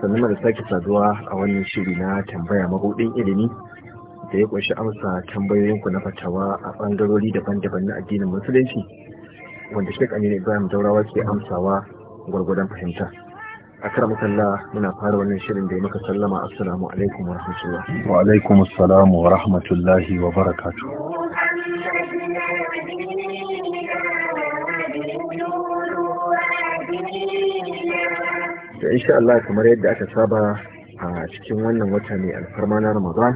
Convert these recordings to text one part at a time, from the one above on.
sannan da sake saduwa a wannan shiri na tambaya mabuɗin ilimi da ya ƙunshi amsa tambayoyinku na fatawa a bangarori daban-daban na addinin musulunci wanda shek aminu ibrahim daurawa ke amsawa gwargwadon fahimta a kar masalla muna fara wannan shirin da ya maka sallama assalamu alaikum wa wa rahmatullahi wa barakatuh da insha Allah kamar yadda aka saba a cikin wannan wata mai alfarma na Ramadan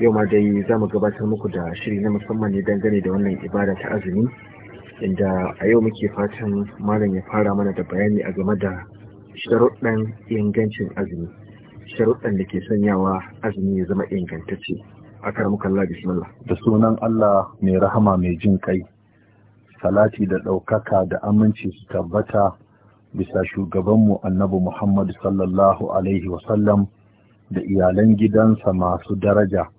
yau ma dai za mu gabatar muku da shiri na musamman ne dangane da wannan ibada ta azumi inda a yau muke fatan malam ya fara mana da bayani a game da sharuɗan ingancin azumi sharuɗan da ke sanyawa azumi ya zama ingantacce a karmukan bismillah da sunan Allah mai rahama mai jin kai salati da ɗaukaka da aminci su tabbata bisa shugabanmu annabi Muhammad sallallahu Alaihi wasallam da iyalan gidansa masu daraja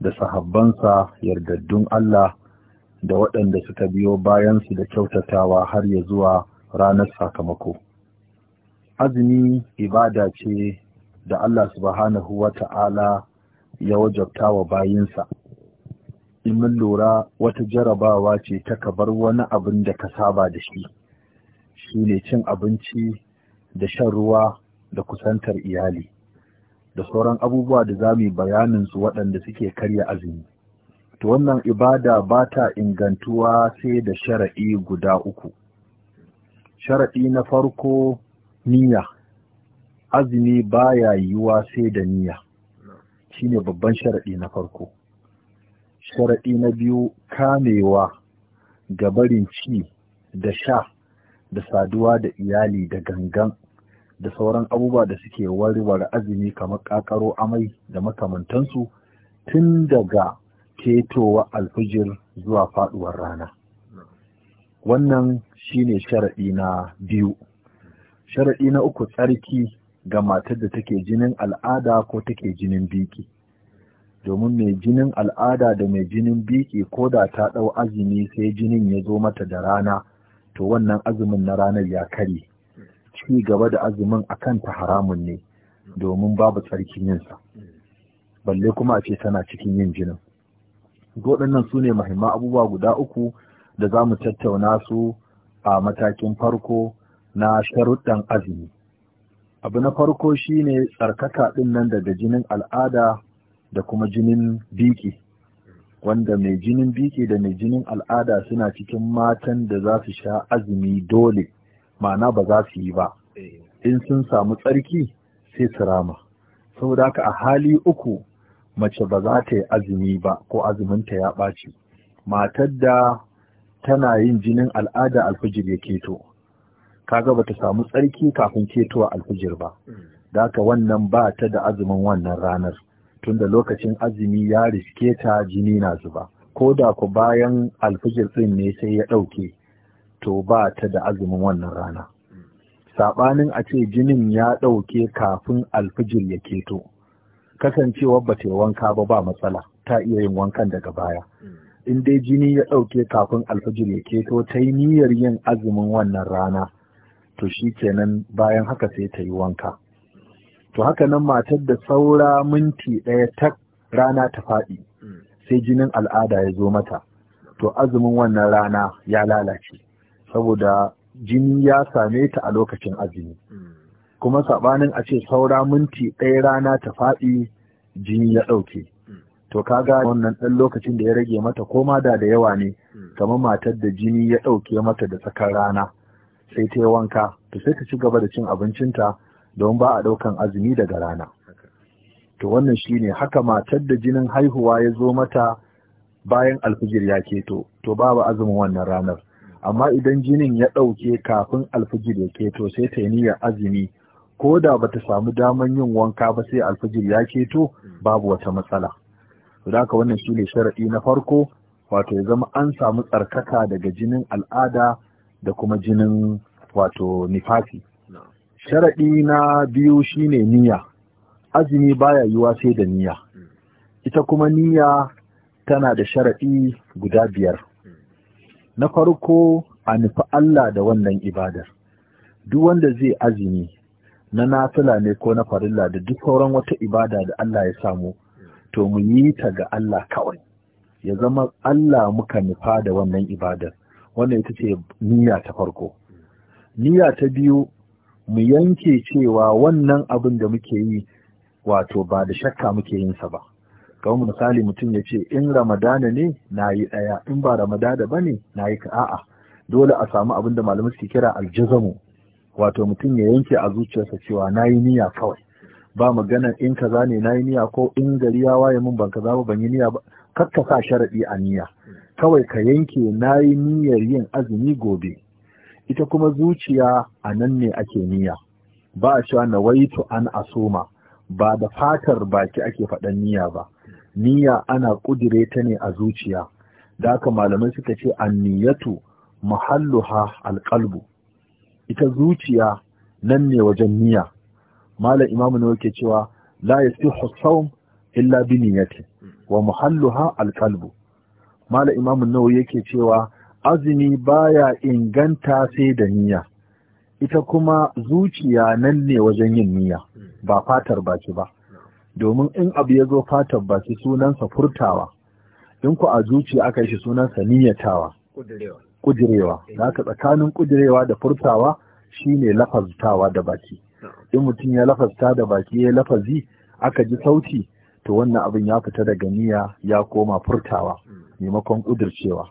da sahabbansa yardaddun Allah da waɗanda suka biyo bayansu da kyautatawa har ya zuwa ranar sakamako. Azumi ibada ce da Allah subhanahu wa ta'ala ya wajabta wa bayinsa. In mun lura wata jarabawa ce ta kabar wani abin da ka saba da shi. shi ne cin abinci da shan ruwa da kusantar iyali da sauran abubuwa da za mu yi bayaninsu waɗanda suke karya azumi to wannan ibada ba ta ingantuwa sai da shara'i guda uku shara'i na farko niyya azumi baya yiwuwa sai da niyya ne babban sharaɗi na farko sharaɗi na biyu kamewa ga barin ci da sha da saduwa da iyali da gangan da sauran abubuwa da suke warware azumi kamar kakaro amai da makamantansu tun daga ketowa alfijir zuwa faduwar rana wannan shine sharaɗi na biyu sharaɗi na uku tsarki ga matar da take jinin al'ada ko take jinin biki domin mai jinin al'ada da mai jinin biki ko da ta ɗau azumi sai jinin ya zo mata da rana to wannan azumin na ranar ya kare ci gaba da azumin a kanta haramun ne domin babu tsarkin yinsa balle kuma a ce tana cikin yin jinin waɗannan su ne mahimman abubuwa guda uku da za mu tattauna su a matakin farko na sharuɗan azumi abu na farko shine tsarkaka ɗin nan daga jinin al'ada da kuma jinin biki wanda mai jinin biki da mai jinin al'ada suna cikin matan da za su sha azumi dole ma'ana ba za su yi ba eh. in sun samu tsarki sai su rama saboda haka a hali uku mace ba za ta yi azumi ba ko azuminta ya ɓaci matar da tana yin jinin al'ada alfijir ya keto kaga ba ta samu tsarki kafin ketowa alfijir ba hmm. da haka wannan ba ta da azumin wannan ranar Tun da lokacin azumi ya riske ta jini na zuba ko da ku bayan alfijir ɗin ne sai ya ɗauke to ba ta da azumin wannan rana saɓanin a ce jinin ya ɗauke kafin alfijir ya keto kasancewar ba ta wanka ba ba matsala ta iya yin wankan daga baya in dai jini ya ɗauke kafin alfijir ya keto ta yi niyyar yin azumin wannan rana to shi kenan bayan haka sai ta yi wanka to haka nan matar da saura minti ɗaya ta rana ta faɗi mm. sai jinin al'ada ya zo mata to azumin wannan rana ya lalace saboda jini ya same ta a lokacin azumi mm. kuma saɓanin a ce saura minti ɗaya rana ta faɗi jini ya ɗauke mm. to kaga wannan ɗan lokacin da ya rage mata koma da da yawa ne kamar matar da jini ya ɗauke mata da tsakar rana sai ta yi wanka to sai ta ci gaba da cin abincinta don ba a ɗaukan azumi daga rana to wannan shine haka matar da jinin haihuwa ya zo mata bayan alfijir ya keto to babu azumin wannan ranar amma idan jinin ya ɗauke kafin alfijir ya keto sai ta yi niyyar azumi ko da ba ta samu daman yin wanka ba sai alfijir ya keto babu wata matsala da haka wannan shine sharaɗi na farko wato ya zama an samu tsarkaka daga jinin al'ada da kuma jinin wato nifasi sharaɗi na biyu shine niyya azumi baya yiwa sai da niyya ita kuma niyya tana da sharaɗi guda biyar na farko a nufi Allah da wannan ibadar duk wanda zai azumi na nafila ne ko na farilla da duk sauran wata ibada da Allah ya samu to mu yi ta ga Allah kawai ya zama Allah muka nufa da wannan ibadar wannan ita ce niyya ta farko niyya ta biyu mu yanke cewa wannan abin da muke yi wato ba da shakka muke yin sa ba kamar misali mutum ya ce in ramadana ne na yi ɗaya in ba ramadana ba ne na yi a'a dole a samu abin da malamai suke kira aljazamu wato mutum ya yanke a zuciyarsa cewa na yi niyya kawai ba magana in ka zane na yi niyya ko in gari ya waye min ban kaza ba ban yi niyya ba kakka sa sharaɗi a niyya kawai ka yanke na yi niyyar yin azumi gobe ita kuma zuciya a nan ne ake niyya ba a cewa nawaitu an asoma ba da fatar baki ake faɗan niyya ba niyya ana ƙudire ta ne a zuciya da aka malamai suka ce anniyatu ha alƙalbu. ita zuciya nan ne wajen niyya malam imamu ne yake cewa la yasihu sawm illa bi niyyati wa muhalluha alqalbu malam imamu nawawi yake cewa azumi baya inganta sai da niyya ita kuma zuciya nan ne wajen yin niyya ba fatar baki ba domin in abu ya zo fatar baki sunansa furtawa in ku a zuciya aka yi shi sunansa niyyatawa kudirewa da eh. haka tsakanin kudirewa da furtawa shine lafazitawa da baki in mutum ya lafazta da baki ya lafazi aka ji sauti to wannan abin ya fita daga niyya ya koma furtawa hmm. maimakon kudircewa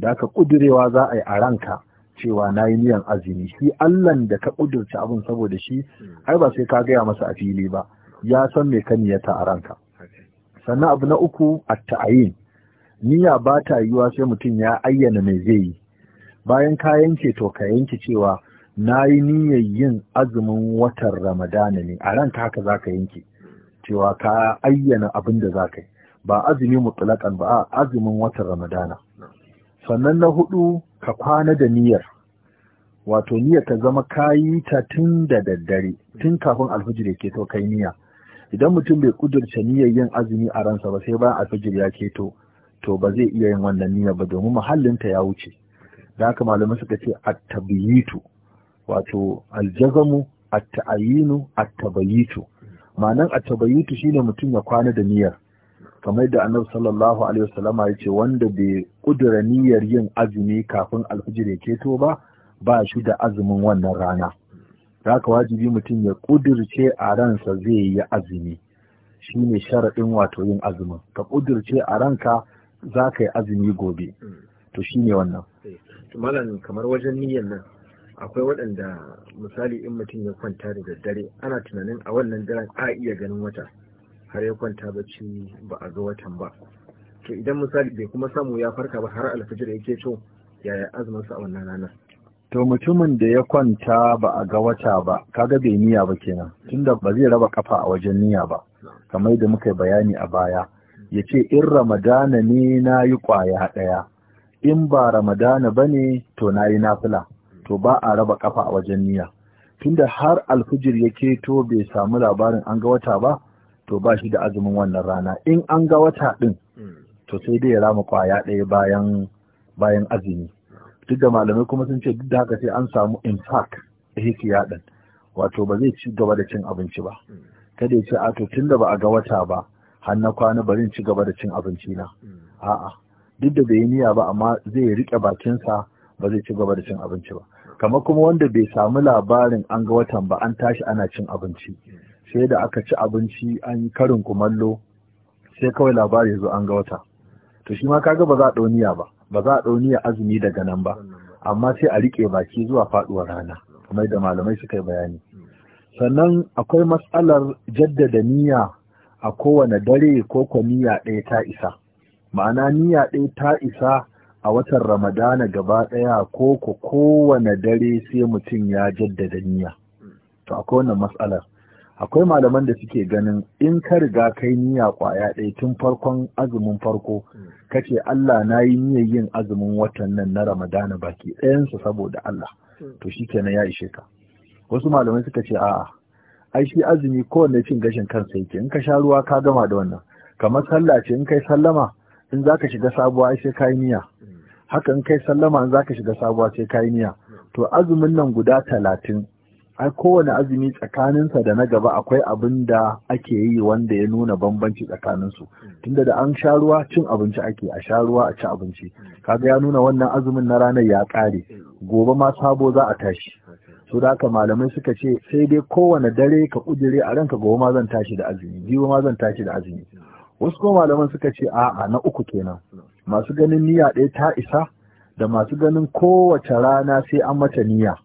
da ka kudurewa za a yi a ranka cewa na yi niyan azumi shi allon da ka kudurci abin saboda shi ai ba sai ka gaya masa a fili ba ya san me ka niyyata a ranka sannan abu na uku a ta'ayin niyya ba ta yiwa sai mutum ya ayyana me zai yi bayan ka yanke to ka yanke cewa na yi niyyar yin azumin watan ramadana ne a ranka haka za ka yanke cewa ka ayyana abin da za ka yi ba azumi mutulakan ba azumin watan ramadana sannan na hudu ka kwana da niyyar wato niyyar ta zama kayi ta tun da daddare tun kafin alfijir ya keto kai niyya idan mutum bai kudurce niyyar yin azumi a ransa ba sai bayan alfijir ya keto to ba zai iya yin wannan niyyar ba domin muhallinta ya wuce da haka malamai suka ce at-tabyitu wato aljazamu at taayinu at-tabayyitu ma'anan at-tabayyitu shine mutum ya kwana da niyyar kamar da annabi sallallahu alaihi wasallama ya ce wanda bai kudura niyyar yin azumi kafin alfajir ya keto ba ba shi da azumin wannan rana haka wajibi mutum ya kudurce a ransa zai yi azumi shine sharaɗin wato yin azumin ka kudurce a ranka za ka yi azumi gobe to shine wannan eh, malam kamar wajen niyyar nan akwai waɗanda misali in mutum ya kwanta da daddare ana tunanin a wannan daren a iya ganin wata har ya kwanta bacci ba a ga watan ba to idan misali bai kuma samu ya farka ba har alfajir yake to yaya azumin sa a wannan ranar to mutumin da ya kwanta ba a ga wata ba kaga bai niyya ba kenan tunda ba zai raba kafa a wajen niyya ba kamar da muka bayani a baya ya ce in ramadana ne na yi kwaya ɗaya in ba ramadana ba ne to na yi nafila to ba a raba kafa a wajen niyya tunda har alfijir ya to bai samu labarin an ga wata ba to ba shi da azumin wannan rana in an ga wata ɗin hmm. to sai dai ya rama kwaya ɗaya bayan bayan azumi duk da malamai kuma sun ce duk da haka sai an samu a yake ɗin wato ba zai ci gaba da cin abinci ba hmm. kada ya ce a to tun da ba a ga wata ba har na kwana bari ci gaba da cin abinci na hmm. a'a duk da bai niyya ba amma zai riƙe bakinsa ba zai ci gaba da cin abinci ba kamar kuma wanda bai samu labarin an ga watan ba an tashi ana cin abinci sai da aka ci abinci an yi karin kumallo sai kawai labari zo an ga wata to shi ma kaga ba za a ɗauniya ba ba za a ɗauniya azumi daga nan ba amma sai a riƙe baki zuwa faɗuwar rana kamar da malamai suka yi bayani sannan akwai matsalar jaddada niyya a kowane dare ko ko niyya ɗaya ta isa ma'ana niyya ɗaya ta isa a watan ramadana gaba ɗaya ko kowane dare sai mutum ya jaddada niyya to akwai wannan matsalar akwai malaman da suke ganin in ka riga kai niyya kwaya ɗaya tun farkon azumin farko kace Allah na yi niyyar yin azumin watan nan na Ramadana baki ɗayansa saboda Allah to shikenan ya ishe ka wasu malamai suka ce a'a ai shi azumi kowanne cin gashin kansa yake in ka sha ruwa ka gama da wannan kamar sallah ce in kai sallama in zaka shiga sabuwa ai sai kai niyya haka in kai sallama in zaka shiga sabuwa sai kai niyya to azumin nan guda talatin ai kowane azumi tsakaninsa da na gaba akwai abin da ake yi wanda ya nuna bambanci tsakaninsu tunda da an sha ruwa cin abinci ake a sha ruwa a ci abinci kaga ya nuna wannan azumin na ranar ya ƙare gobe ma sabo za a tashi so da haka malamai suka ce sai dai kowane dare ka kujire a ranka gobe ma zan tashi da azumi biyu ma zan tashi da azumi wasu kuma malaman suka ce a'a na uku kenan masu ganin niyya ɗaya ta isa da masu ganin kowace rana sai an mata niyya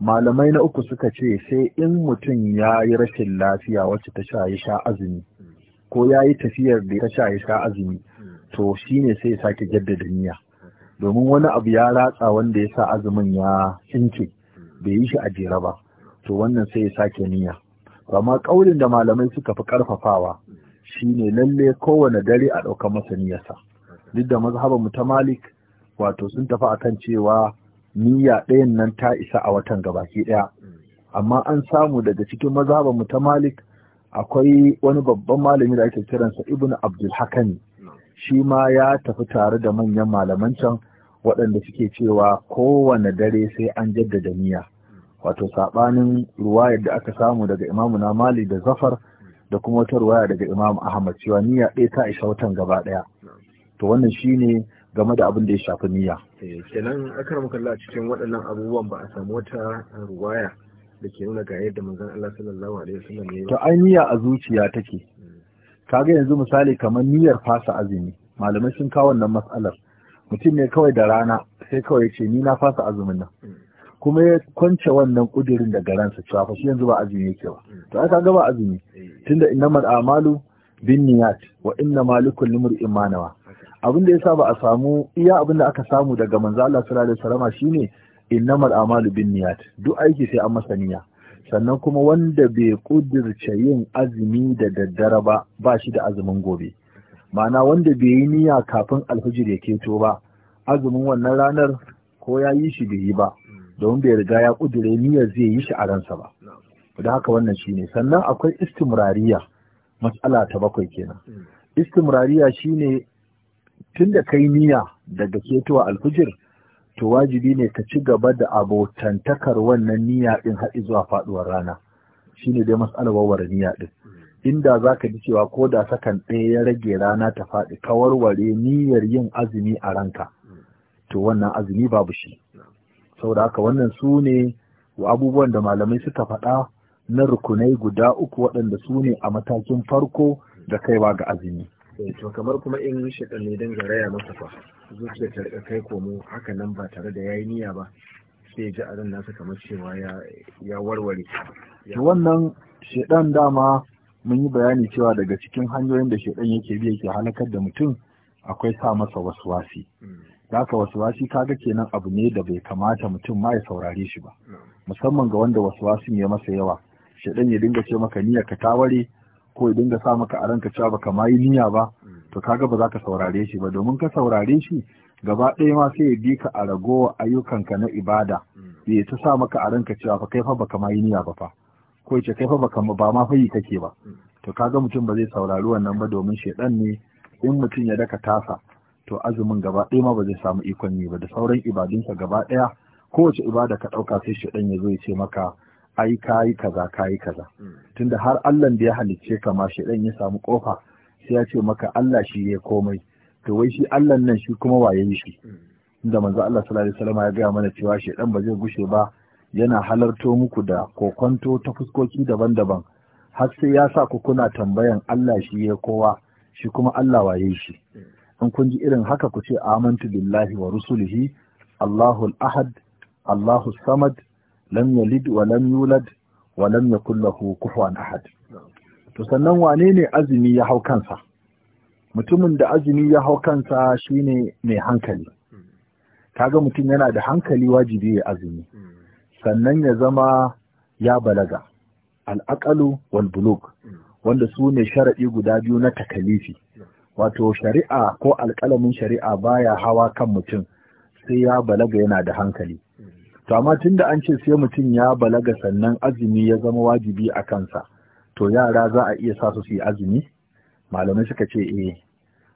malamai na uku suka ce sai in mutum ya yi rashin lafiya wacce ta sha sha azumi ko ya yi tafiyar da ta sha sha azumi to shi ne sai ya sake jaddada niyya domin wani abu ya ratsa wanda ya sa azumin ya tsinke bai yi shi a jera ba to wannan sai ya sake niyya amma ƙaurin da malamai suka fi ƙarfafawa shine lalle kowane dare a ɗaukar masa niyyarsa duk da mazhabar mu ta malik wato sun tafi akan cewa niyya ɗayan nan ta isa a watan gabaki ɗaya amma an samu daga cikin mazhaban mu ta malik akwai wani babban malami da ake kiransa Ibn abdul Hakani. shi ma ya tafi tare da manyan malaman can waɗanda suke cewa kowane dare sai an jaddada niyya wato saɓanin ruwayar da aka samu daga imamu na mali da zafar da kuma wata ruwaya daga imamu ahmad cewa niyya ɗaya ta isa watan gaba ɗaya to wannan shine game da abin da ya shafi niyya eh, kenan akar mukalla a cikin waɗannan abubuwan ba a samu wata ruwaya da ke nuna ga yadda manzon Allah sallallahu alaihi wasallam ya to ai niyya a zuciya take mm. kaga yanzu misali kamar niyyar fasa azumi malamai sun kawo wannan matsalar mutum ne kawai da rana sai kawai ya ce ni na fasa azumin nan mm. kuma ya kwance wannan kudirin daga ransa cewa fa shi yanzu ba azumi yake ba mm. to aka ga ba azumi eh. tunda ina a'malu bin niyat wa inna ma imanawa abin da yasa ba a samu iya abin da aka samu daga manzo Allah sallallahu alaihi wasallam shine innamal a'malu binniyat duk aiki sai an masa niyya sannan kuma wanda bai kudirce yin azumi da daddare ba ba shi da azumin gobe ma'ana wanda bai yi niyya kafin alhijir ya keto ba azumin wannan ranar ko ya yi shi bai yi ba domin bai riga ya kudire niyyar zai yi shi a ransa ba da haka wannan shine sannan akwai istimrariya matsala ta bakwai kenan hmm. istimrariya shine tun da kai niyya daga ketuwa alfijir to wajibi ne ka ci gaba da abotantakar wannan niyya din har zuwa faɗuwar rana shine dai mas'alar warware niyya din inda za ka ji cewa ko da sakan ɗaya ya rage rana ta faɗi ka warware niyyar yin azumi a ranka to wannan azumi babu shi saboda haka wannan su ne abubuwan da malamai suka faɗa na rukunai guda uku waɗanda su ne a matakin farko da kaiwa ga azumi Eh, to kamar kuma in shaitan ne dan garaya masa fa zuciya ta rika kai komo haka nan ba tare da yayi niyya ba sai ji a ran nasa kamar cewa ya warware to wannan shaitan dama mun yi bayani cewa daga cikin hanyoyin da shaitan yake bi yake halakar da mutum akwai sa masa waswasi haka mm. waswasi kaga kenan abu ne da bai kamata mutum ma ya saurare shi ba mm. musamman ga wanda waswasin ya masa yawa shaitan ya dinga ce maka niyyar ka ta ware ko ya dinga sa maka a ranka cewa baka ma yi niyya ba mm. to kaga ba za ka saurare shi ba domin ka saurare shi gaba ɗaya ma sai ya bi ka a ragowa ayyukanka na ibada mm. ya ta sa maka a ranka cewa fa kai fa baka ma yi niyya ba fa ko ya ce kai fa baka ba ma fa yi kake ba mm. to kaga mutum ba zai saurari wannan ba domin shaidan ne in mutum ya daka tasa to azumin gaba ɗaya ma ba zai samu ikon yi ba da sauran ibadunsa gaba ɗaya kowace ibada ka ɗauka sai shaidan ya zo ya ce maka ai kayi kaza kayi kaza mm. tunda har Allah da ya halicce ka ma shedan ya samu kofa sai ya ce maka Allah shi ya komai to wai shi Allah nan shi kuma waye shi mm. inda manzo Allah sallallahu alaihi wasallam ya gaya mana cewa shi dan ba zai gushe ba yana halarto muku da kokonto ta fuskoki daban-daban har sai ya sa ku kuna tambayan Allah shi ya kowa shi kuma Allah waye shi mm. in kun ji irin haka ku ce amantu billahi wa rusulihi Allahul ahad Allahus samad lam yalid wa lam yulad wa lam yakul lahu kufuwan ahad to sannan wane ne azumi ya hau kansa mutumin da azumi ya hau kansa shine mai hankali kaga mutum yana da hankali wajibi ya azumi sannan ya zama ya balaga al-aqalu wal bulug wanda su ne sharaɗi guda biyu na takalifi wato shari'a ko alƙalamin shari'a baya hawa kan mutum sai ya balaga yana da hankali to amma tun da an ce sai mutum ya balaga sannan azumi ya zama wajibi a kansa to yara za a iya sa su su yi azumi malamai suka ce eh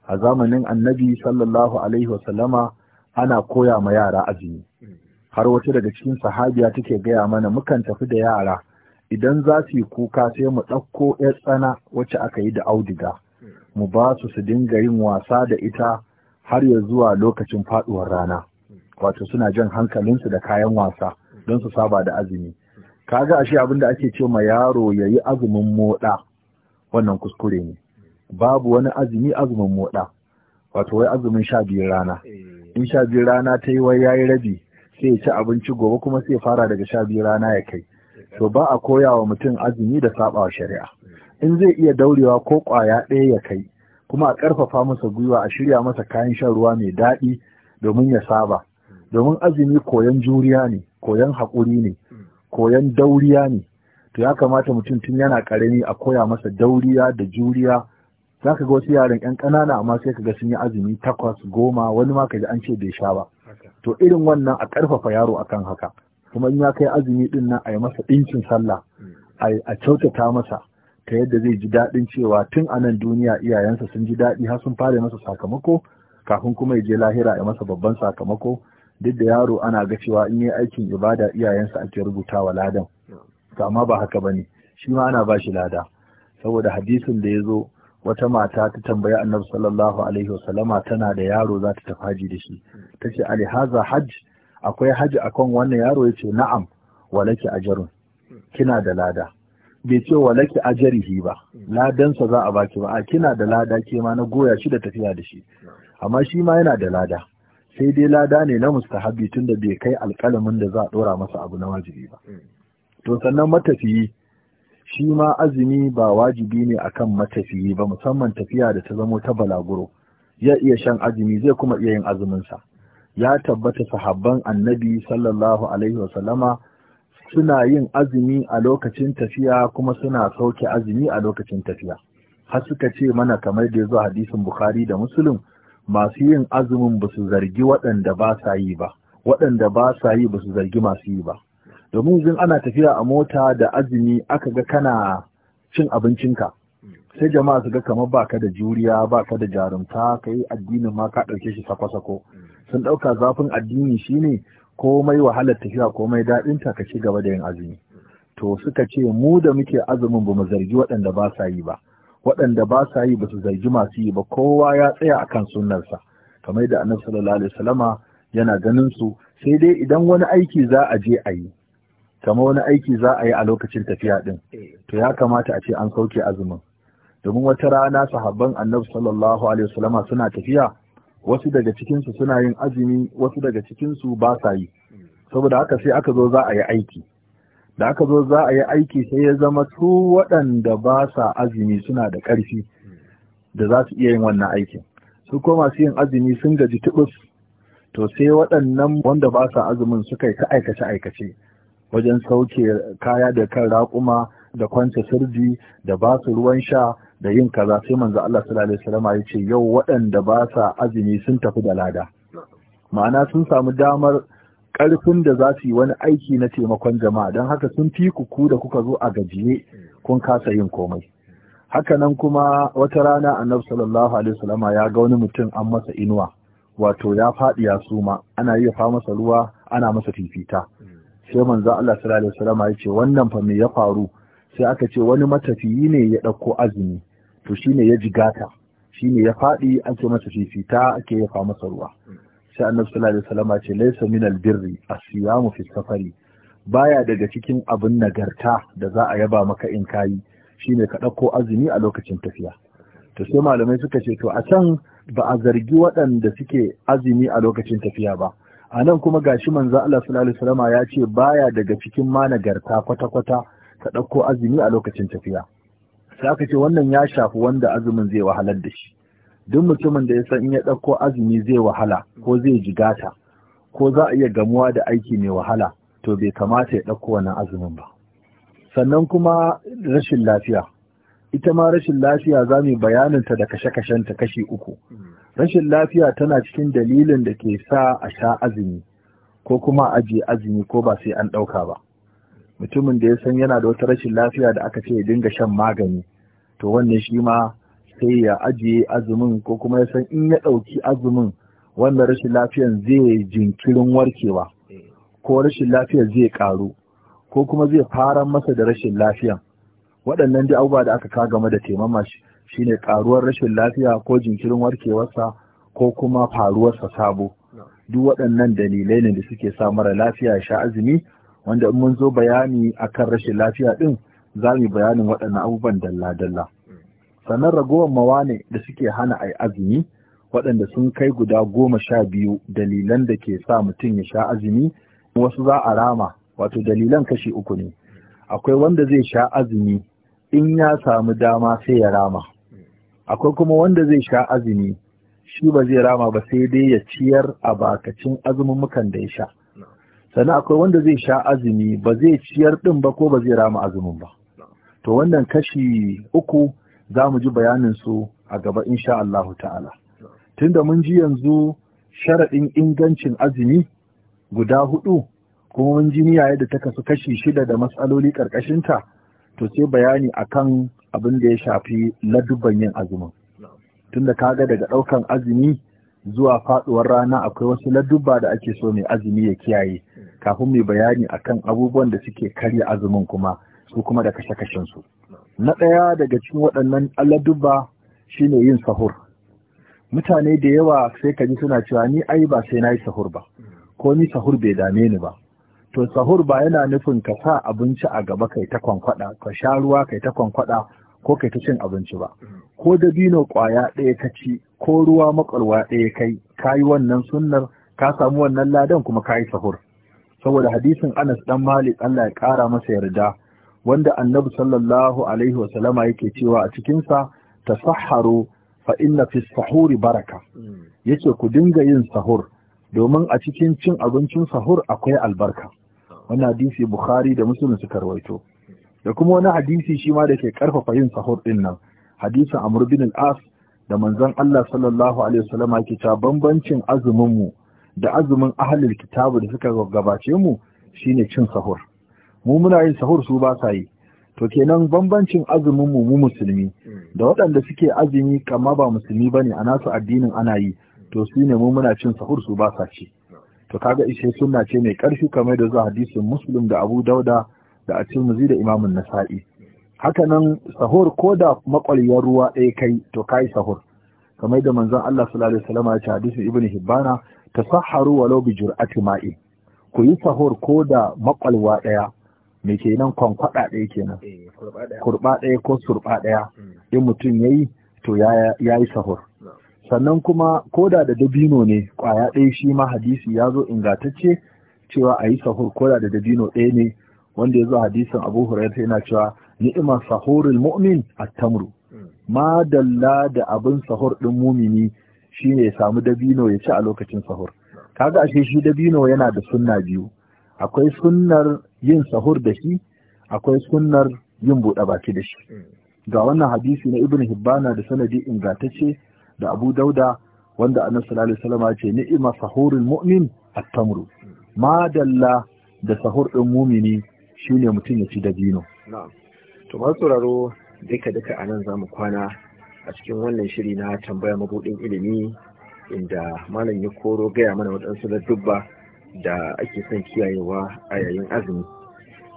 a zamanin annabi sallallahu alaihi wasallama ana koya ma yara azumi har wata daga cikin sahabiya take gaya mana mukan tafi da yara idan za su yi kuka sai mu ɗauko 'yar tsana wacce aka yi da audiga mu ba su su dinga yin wasa da ita har ya zuwa lokacin faɗuwar rana wato suna jan hankalinsu da kayan wasa don su saba da azumi kaga ashe abin da ake ce ma yaro ya yi azumin moɗa wannan kuskure ne babu wani azumi azumin moɗa wato wai azumin sha biyu rana eh. in sha biyu rana ta yi wai ya yi rabi sai ya ci abinci gobe kuma sai fara daga sha biyu rana ya kai to ba a koya wa mutum azumi da wa shari'a in zai iya daurewa ko ƙwaya ɗaya ya kai kuma a ƙarfafa masa gwiwa a shirya masa kayan shan ruwa mai daɗi domin ya saba domin azumi koyon juriya ne koyon haƙuri ne koyon dauriya ne to ya kamata mutum tun yana ƙarami a koya masa dauriya da juriya za ka ga wasu yaran yan ƙanana amma sai ka ga sun yi azumi takwas goma wani ma ka ji an ce bai sha ba to irin wannan a ƙarfafa yaro akan haka kuma in ya kai azumi din nan a yi masa ɗincin sallah a kyautata masa ta yadda zai ji daɗin cewa tun a nan duniya iyayensa sun ji daɗi har sun fara masa sakamako kafin kuma ya je lahira ya masa babban sakamako duk da yaro ana ga cewa in yi aikin ibada iyayensa ake rubuta wa ladan amma ba haka bane shi ma ana ba shi lada saboda hadisin da ya zo wata mata ta tambayi annabi sallallahu alaihi wasallama tana da yaro za ta tafi haji da shi ta ce alihaza hajj akwai haji akan wannan yaro ya ce na'am walaki ajarun kina da lada bai ce walaki ajarihi ba ladansa za a baki ba a kina da lada ke ma na goya shi da tafiya da shi amma shi ma yana da lada sai dai lada ne na mustahabi tunda bai kai alƙalamin da za a ɗora masa abu na wajibi ba mm. to sannan matafiyi shi ma azumi ba wajibi ne akan matafiyi ba musamman tafiya da ta zamo ta balaguro ya iya shan azumi zai kuma iya yin azuminsa ya tabbata sahabban annabi sallallahu alaihi wasallama suna yin azumi a lokacin tafiya kuma suna sauke azumi a lokacin tafiya har suka ce mana kamar da ya zo hadisin bukhari da Musulun? masu yin azumin ba su zargi waɗanda ba sa yi ba waɗanda ba sa yi ba su zargi masu yi ba domin yanzu ana tafiya a mota da azumi aka ga kana cin abincinka sai jama'a su ga kamar ka da juriya ba ka da jarumta ka yi addinin ma ka ɗauke shi sako-sako sun ɗauka zafin addini shine komai wahalar tafiya komai daɗinta ka ci gaba da yin azumi to suka ce mu da muke azumin ba mu zargi waɗanda ba sa yi ba waɗanda ba sa yi ba su zargi masu yi ba kowa ya tsaya akan sunnarsa kamar da annabi sallallahu alaihi wasallama yana ganin su sai dai idan wani aiki za a je a yi kamar wani aiki za a yi a lokacin tafiya din to ya kamata a ce an sauke azumin domin wata rana sahabban annabi sallallahu alaihi wasallama suna tafiya wasu daga cikinsu suna yin azumi wasu daga cikinsu ba sa yi saboda haka sai aka zo za a yi aiki da aka zo za a yi aiki sai ya zama su waɗanda ba sa azumi suna da ƙarfi da za su iya yin wannan aikin su ko masu yin azumi sun gaji tubus to sai waɗannan wanda ba sa azumin suka yi ta aikace aikace wajen sauke kaya da kan raƙuma da kwance sirji da ba su ruwan sha da yin kaza sai manzo Allah sallallahu alaihi wasallam ya ce yau waɗanda ba sa azumi sun tafi da lada ma'ana sun samu damar ƙarfin da za su yi wani aiki na taimakon jama'a don haka sun fi kuku da kuka zo a gajiye kun kasa yin komai haka nan kuma wata rana annabi sallallahu alaihi wasallama ya ga wani mutum an masa inuwa wato ya faɗi ya suma ana iya fa masa ruwa ana masa fifita sai manzo Allah sallallahu alaihi wasallama ya ce wannan fa me ya faru sai aka ce wani matafiyi ne ya ɗauko azumi to shine ya jigata shine ya faɗi ake masa fifita ake fa masa ruwa sai annabi sallallahu alaihi wasallam ce laysa min albirri asiyamu fi safari baya daga cikin abin nagarta da za a yaba maka in kayi shine ka ɗauko azumi a lokacin tafiya to sai malamai suka ce to a can ba a zargi waɗanda suke azumi a lokacin tafiya ba a nan kuma gashi manzo Allah sallallahu alaihi wasallam ya ce baya daga cikin ma nagarta kwata-kwata ka ɗauko azumi a lokacin tafiya sai aka ce wannan ya shafi wanda azumin zai wahalar da shi duk mutumin da ya san in ya ɗauko azumi zai wahala ko zai jigata ko za a iya gamuwa da aiki mai wahala to bai kamata ya ɗauko wannan azumin ba sannan kuma rashin lafiya ita ma rashin lafiya za mu ta da kashe ta kashi uku rashin lafiya tana cikin dalilin da ke sa a sha azumi ko kuma a ajiye azumi ko ba sai an ɗauka ba mutumin da ya san yana da wata rashin lafiya da aka ce ya dinga shan magani to wannan shi ma sai ya ajiye azumin ko kuma ya san in ya ɗauki azumin wanda rashin lafiyan zai jinkirin warkewa ko rashin lafiyan zai ƙaru ko kuma zai fara masa da rashin lafiyan waɗannan da abubuwa da aka ka game da taimama shine ƙaruwar rashin lafiya ko jinkirin warkewarsa ko kuma faruwarsa sabo duk waɗannan dalilai ne da suke sa mara lafiya sha azumi wanda in mun zo bayani akan rashin lafiya ɗin za mu bayanin waɗannan abubuwan dalla-dalla. sannan ragowar mawane da suke hana yi azumi waɗanda sun kai guda goma sha biyu dalilan da ke sa mutum ya sha azumi wasu za a rama wato dalilan kashi uku ne akwai wanda zai sha azumi in ya samu dama sai ya rama akwai kuma wanda zai sha azumi shi ba zai rama ba sai dai ya ciyar a bakacin mukan da ya sha sannan akwai wanda zai sha azumi ba zai ciyar ɗin ba ko ba zai rama azumin ba to wannan kashi uku za mu ji bayaninsu a gaba insha Allah ta'ala tunda mun ji yanzu sharaɗin ingancin azumi guda hudu kuma mun ji niyya da ta kasu kashi shida da matsaloli ƙarƙashinta to sai bayani akan abin da ya shafi ladubban yin azumin tunda ga daga ɗaukan azumi zuwa faɗuwar rana akwai wasu ladubba da ake so mai azumi ya kiyaye kafin mai bayani akan abubuwan da suke karya azumin kuma su kuma da kashe-kashen su. na ɗaya daga cikin waɗannan aladuba shine yin sahur mutane da yawa sai ka ji suna cewa ni ai ba sai na yi sahur ba ko ni sahur bai dame ni ba to sahur ba yana nufin ka sa abinci a gaba kai ta kwankwada ka sha ruwa kai ta kwankwada ko kai ta cin abinci ba ko dabino kwaya ɗaya ka ci ko ruwa makwalwa ɗaya kai ka yi wannan sunnar ka samu wannan ladan kuma ka yi sahur saboda hadisin anas dan malik allah ya ƙara masa yarda wanda annabi sallallahu alaihi yake cewa a cikinsa ta saharo fa inna fi sahuri baraka mm. yake ku dinga yin sahur domin a cikin cin abincin sahur akwai albarka wannan hadisi bukhari da muslim suka rawaito da kuma wani hadisi shi ma da ke karfafa yin sahur din nan hadisin amr bin al-as da manzon Allah sallallahu alaihi wasallama yake cewa bambancin azumin mu da azumin ahlul kitabu da suka gabace mu shine cin sahur mu muna yin sahur su ba sa yi to kenan bambancin azumin mu mu musulmi mm. da waɗanda suke azumi kama ba musulmi bane a nasu addinin ana yi to su ne mu muna cin sahur su ba sa ci to kaga ishe sunna ce mai ƙarfi kamar da zuwa hadisin muslim da abu dauda da a tirmizi da imamun nasa'i haka nan sahur ko da makwaliyar ruwa ɗaya kai to kai sahur kamar da manzon Allah sallallahu alaihi wasallam ya ce hadisin ibnu hibbana tasahharu walau bi jur'ati ma'i ku yi sahur ko da makwalwa ɗaya me ke nan kwankwada ɗaya nan, eh, kurba ɗaya ko surɓa ɗaya mm. in mutum ya yi to ya yi sahur sannan kuma koda da dabino ne ƙwaya ɗaya shi ma hadisi ya zo ingantacce cewa a yi sahur koda da dabino ɗaya ne wanda ya zo hadisin abu hurairah yana cewa ni'imar sahurul mu'min a tamru ma mm. dalla da abin sahur ɗin mumini ne ya samu dabino ya ci a lokacin sahur kaga ashe shi dabino yana da sunna biyu akwai sunnar yin sahur da shi akwai sunnar yin buɗe baki da shi hmm. ga wannan hadisi na ibn hibbana da sanadi ingantacce da abu dauda wanda annabi sallallahu alaihi wasallam ce ni'ima sahurul mu'min at-tamru hmm. ma dalla da sahur din mumini shine mutum ya ci dabino na'am to duka duka anan zamu kwana a cikin wannan shiri na tambaya mabudin ilimi inda malam ya koro gaya mana waɗansu dubba da ake son kiyayewa a yayin azumi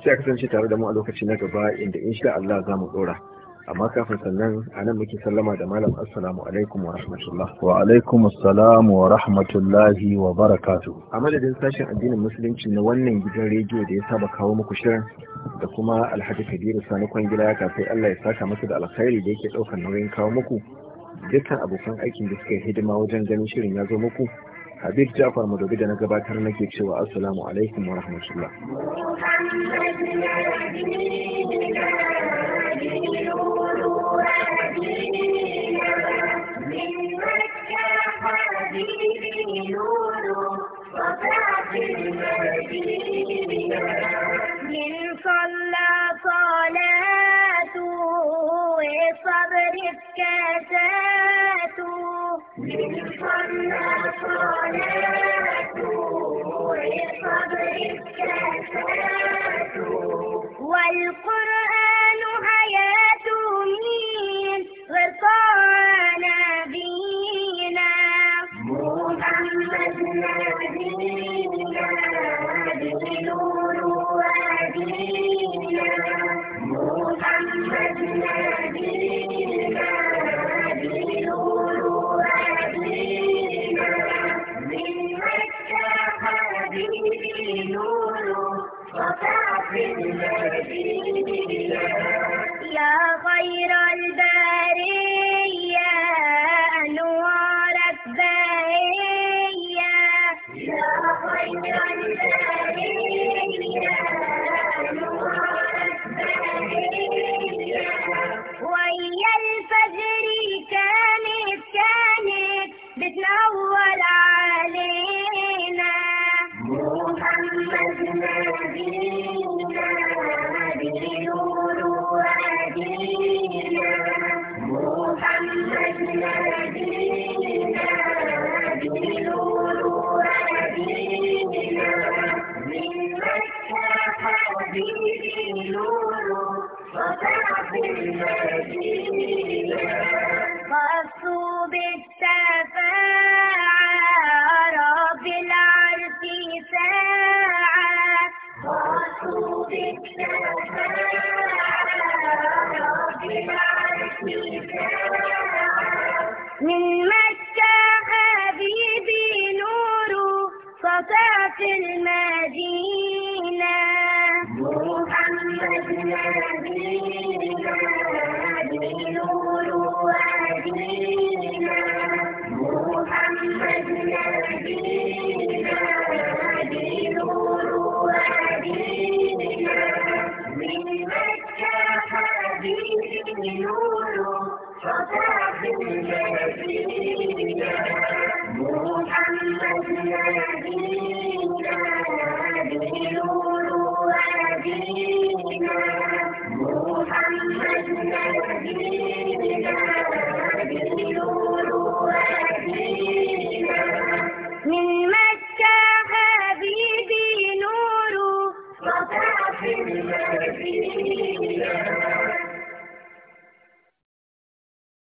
sai a kasance tare da mu a lokaci na gaba inda in insha Allah za mu dora amma kafin sannan a nan muke sallama da malam assalamu alaikum wa rahmatullah wa alaikum assalam wa rahmatullahi wa barakatu a madadin sashen addinin musulunci na wannan gidan rediyo da ya saba kawo muku shirin da kuma alhaji kabiru sani kwangila ya kafai Allah ya saka masa da alkhairi da yake ɗaukar nauyin kawo muku dukkan abokan aikin da suka yi hidima wajen ganin shirin ya zo muku habib jafar madobi da na gabatar nake cewa assalamu alaikum wa من صلى صلاته صبر الكتاب والقرآن